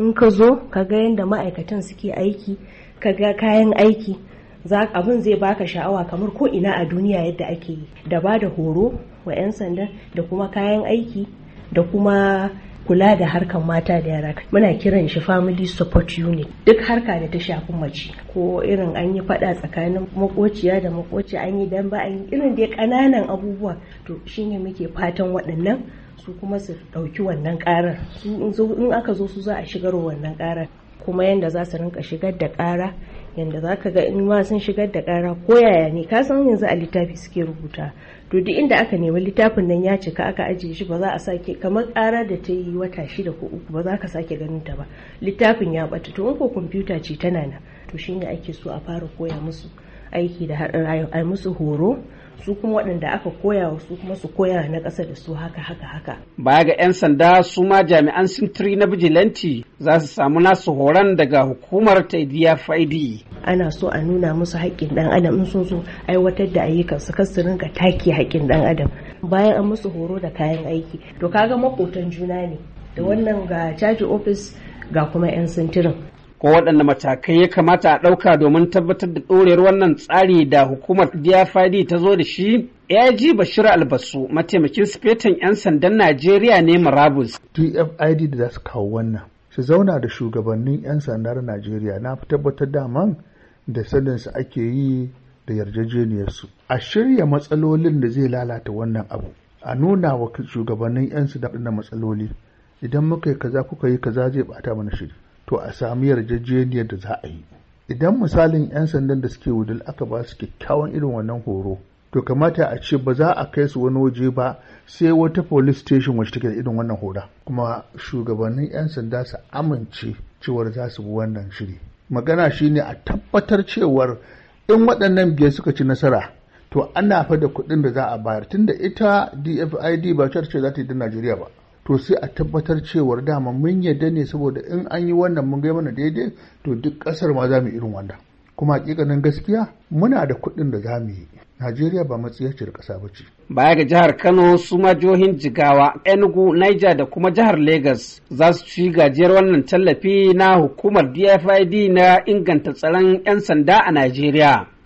in ka zo ka ga yadda ma'aikatan suke aiki ka ga kayan aiki abin zai baka sha'awa kamar ko ina a duniya yadda ake yi da ba da horo wa 'yan sanda da kuma kayan aiki da kuma kula da harkar mata da yara muna kiran shi family support unit duk harka da ta shafi mace ko irin an yi fada tsakanin makociya da makoci an yi damba an yi irin dai kananan abubuwa to shine muke fatan waɗannan su kuma su ɗauki wannan ƙarar in aka zo su za a shigar wannan ƙarar kuma yadda za su rinka shigar da ƙara yanda za ka ga in ma sun shigar da ƙara ko yaya ne ka san yanzu a littafi suke rubuta to duk inda aka nemi littafin nan ya cika aka ajiye shi ba za a sake kamar ƙara da ta yi wata shida ko uku ba za ka sake ganin ta ba littafin ya ɓata to in ko kwamfuta ce tana na to shine ake so a fara koya musu aiki da haɗin rayu a musu horo su kuma waɗanda aka koya wa su kuma su koya na ƙasa da su haka haka haka. Baya ga 'yan sanda su ma jami'an sintiri na bijilanti za su samu nasu horon daga hukumar ta faidi. Ana so a nuna musu haƙƙin ɗan adam in sun so aiwatar da ayyukan su kasu rinka take haƙƙin ɗan adam. Bayan an musu horo da kayan aiki to kaga makotan juna ne da hmm. wannan ga caji ofis ga kuma 'yan sintirin ko waɗanne matakai ya kamata a ɗauka domin tabbatar da ɗorewar wannan tsari da hukumar DFID ta zo da shi AIG Bashir Albasu mataimakin sifetan 'yan sandan Najeriya ne Marabus. DFID da za su kawo wannan su zauna da shugabannin 'yan sandar Najeriya na fi tabbatar da da sanin su ake yi da yarjejeniyarsu. A shirya matsalolin da zai lalata wannan abu. A nuna wa shugabannin 'yan sandar matsaloli. Idan muka yi kaza kuka yi kaza zai bata mana shiri. to a sami yarjejeniyar da za a yi idan misalin 'yan sandan da suke wudil aka ba su kyakkyawan irin wannan horo to kamata a ce ba za a kai su wani waje ba sai wata police station wacce take da irin wannan hora kuma shugabannin 'yan sanda su amince cewar za su bi wannan shiri magana shine a tabbatar cewar in waɗannan biyar suka ci nasara to ana fa kuɗin da za a bayar tunda ita dfid ba ce za ta yi da najeriya ba to sai a tabbatar cewar dama mun yadda ne saboda in an yi wannan mun gai mana daidai to duk kasar ma za mu irin wanda. kuma hakikanin gaskiya muna da kuɗin da za mu yi Najeriya ba matsiyaciyar ƙasa ba ce. Baya ga jihar Kano su ma Jigawa, Enugu, Niger da kuma jihar Lagos, za su ci gajiyar wannan tallafi na hukumar DFID na inganta tsaron 'yan sanda a Najeriya.